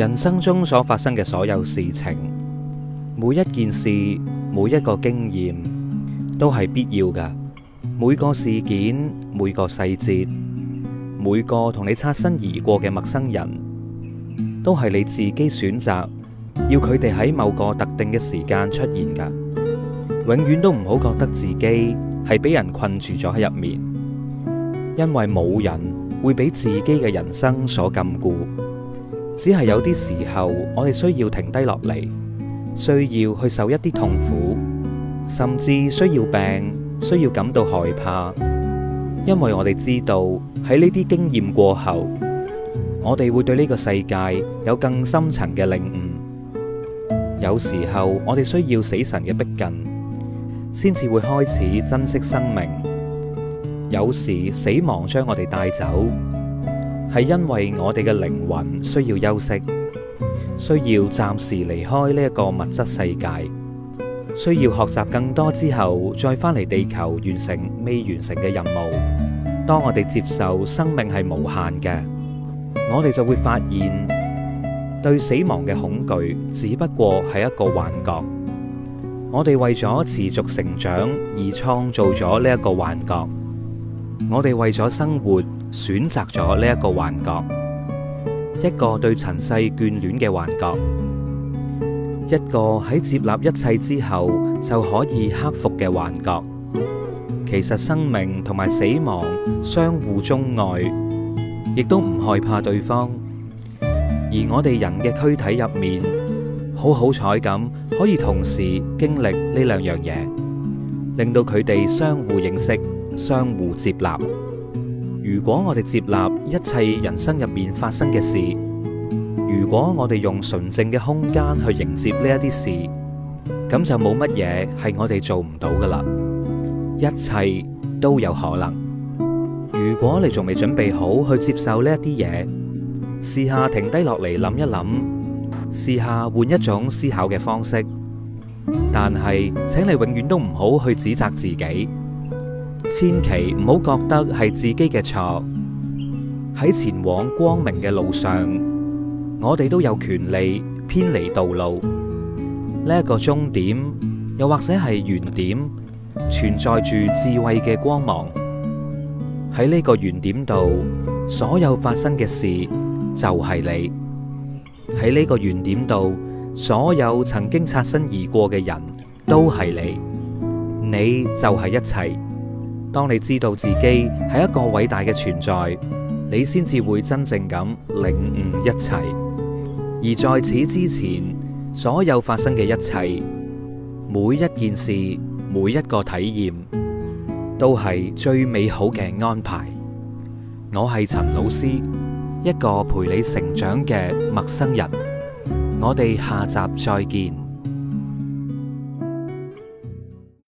人生中所發生嘅所有事情，每一件事，每一個經驗，都係必要㗎。每個事件，每個細節，每個同你擦身而過嘅陌生人，都係你自己選擇要佢哋喺某個特定嘅時間出現㗎。永遠都唔好覺得自己係俾人困住咗喺入面，因為冇人會俾自己嘅人生所禁錮。只係有啲時候，我哋需要停低落嚟，需要去受一啲痛苦，甚至需要病，需要感到害怕，因為我哋知道喺呢啲經驗過後，我哋會對呢個世界有更深層嘅領悟。有時候我哋需要死神嘅逼近，先至會開始珍惜生命。有時死亡將我哋帶走。係因為我哋嘅靈魂需要休息，需要暫時離開呢一個物質世界，需要學習更多之後再返嚟地球完成未完成嘅任務。當我哋接受生命係無限嘅，我哋就會發現對死亡嘅恐懼只不過係一個幻覺。我哋為咗持續成長而創造咗呢一個幻覺，我哋為咗生活。選擇咗呢一個幻覺，一個對塵世眷戀嘅幻覺，一個喺接納一切之後就可以克服嘅幻覺。其實生命同埋死亡相互鍾愛，亦都唔害怕對方。而我哋人嘅軀體入面，好好彩咁可以同時經歷呢兩樣嘢，令到佢哋相互認識、相互接納。如果我哋接納一切人生入面發生嘅事，如果我哋用純淨嘅空間去迎接呢一啲事，咁就冇乜嘢係我哋做唔到㗎喇，一切都有可能。如果你仲未準備好去接受呢一啲嘢，試下停低落嚟諗一諗，試下換一種思考嘅方式。但係，請你永遠都唔好去指責自己。千祈唔好覺得係自己嘅錯。喺前往光明嘅路上，我哋都有權利偏離道路。呢一個終點，又或者係原點，存在住智慧嘅光芒。喺呢個原點度，所有發生嘅事就係你。喺呢個原點度，所有曾經擦身而過嘅人都係你。你就係一切。當你知道自己係一個偉大嘅存在，你先至會真正咁領悟一切。而在此之前，所有發生嘅一切，每一件事，每一個體驗，都係最美好嘅安排。我係陳老師，一個陪你成長嘅陌生人。我哋下集再見。